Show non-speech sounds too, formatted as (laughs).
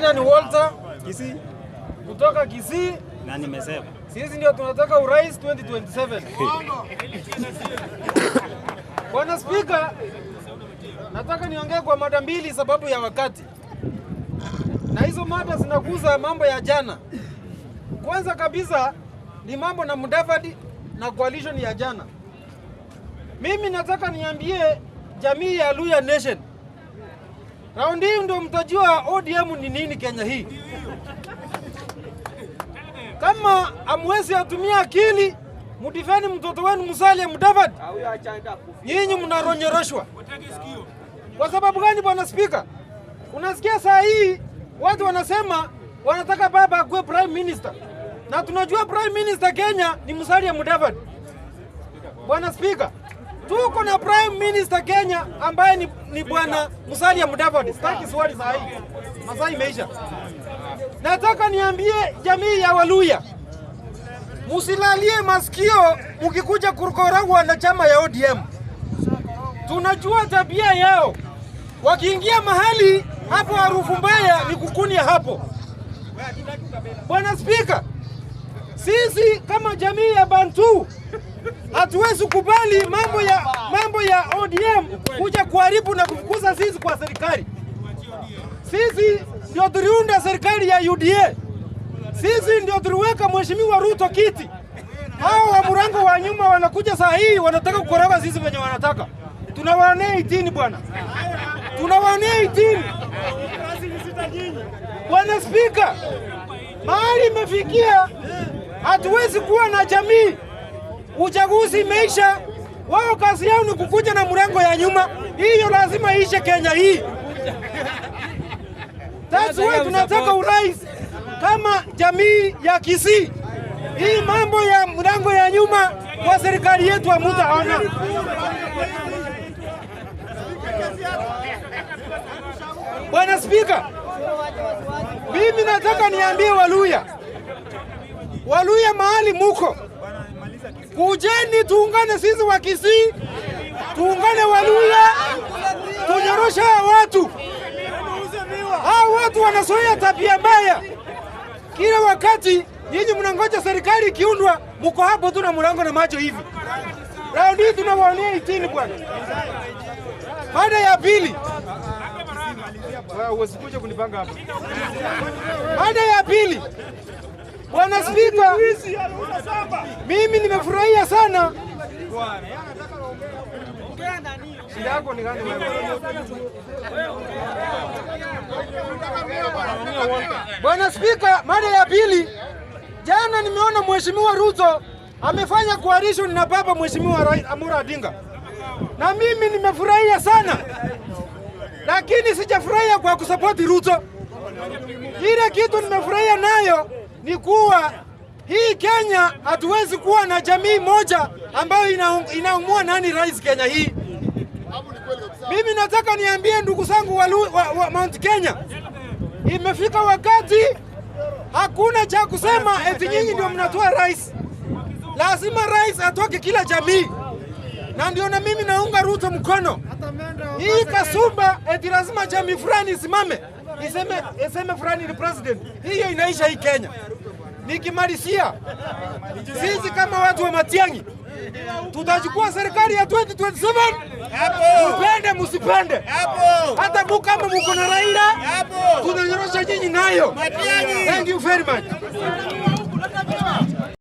Jina ni Walter Kisii kutoka Kisii, na nimesema sisi ndio tunataka urais 2027. (laughs) Bwana Spika, nataka niongee kwa mada mbili sababu ya wakati, na hizo mada zinakuza mambo ya jana. Kwanza kabisa ni mambo na Mudavadi na coalition ya jana. Mimi nataka niambie jamii ya Luya Nation Raundi hii ndio mtajua ODM ni nini Kenya hii. Kama amwezi atumia akili mudifeni mtoto wenu Musalia Mudavadi, nyinyi mnaronyereshwa. Kwa sababu gani, bwana Spika? Unasikia saa hii watu wanasema wanataka baba akuwe prime minister, na tunajua prime minister Kenya ni Musalia Mudavadi. Bwana Spika, tuko na prime minister Kenya ambaye ni, ni bwana Musalia Mudavadi. Sitaki swali za hii masaa imeisha. Nataka niambie jamii ya Waluya, musilalie masikio mkikuja kukorogwa na chama ya ODM. Tunajua tabia yao, wakiingia mahali hapo harufu mbaya ni kukunia hapo. Bwana Spika, sisi kama jamii ya Bantu Hatuwezi kubali mambo ya mambo ya ODM kuja kuharibu na kufukuza sisi kwa serikali. Sisi ndio tuliunda serikali ya UDA, sisi ndio tuliweka mheshimiwa Ruto kiti. Hao wa mrango wa nyuma wanakuja saa hii wanataka kukoroga sisi venye wanataka. Tunawaonea 18 bwana, tunawaonea 18 bwana Spika, mahali imefikia, hatuwezi kuwa na jamii Uchaguzi imeisha, wao kazi yao ni kukuja na mrengo ya nyuma, hiyo lazima ishe Kenya hii. That's why tunataka urais kama jamii ya Kisii. Hii mambo ya mrengo ya nyuma kwa serikali yetu hana Bwana Spika, mimi nataka niambie Waluya, Waluya mahali muko Kujeni tuungane sisi wa Kisii, tuungane Waluya, tunyorosha hawa watu. Hawa watu wanasoea tabia mbaya kila wakati. Nyinyi mnangoja serikali ikiundwa, mko hapo tu na mlango na macho hivi. Raundi hii tunawaonea itini bwana. Mada ya pili, mada ya pili Bwana Spika, mimi nimefurahia sana. Bwana Spika, mara ya pili jana nimeona Mheshimiwa Ruto amefanya coalition na baba Mheshimiwa Amura adinga na mimi nimefurahia sana, lakini sijafurahia kwa kusapoti Ruto. Ile kitu nimefurahia nayo ni kuwa hii Kenya hatuwezi kuwa na jamii moja ambayo inaamua nani rais Kenya hii. Mimi nataka niambie ndugu zangu wa, wa Mount Kenya, imefika wakati hakuna cha kusema eti nyinyi ndio mnatoa rais. Lazima rais atoke kila jamii, na ndio na mimi naunga Ruto mkono. Hii kasumba eti lazima jamii fulani isimame iseme, iseme fulani ni president, hiyo inaisha hii Kenya. Nikimalizia, sisi kama watu wa Matiang'i tutachukua serikali ya 2027 mupende musipende, hata mu kama muko na Raila tutanyorosha nyinyi nayo. Thank you very much.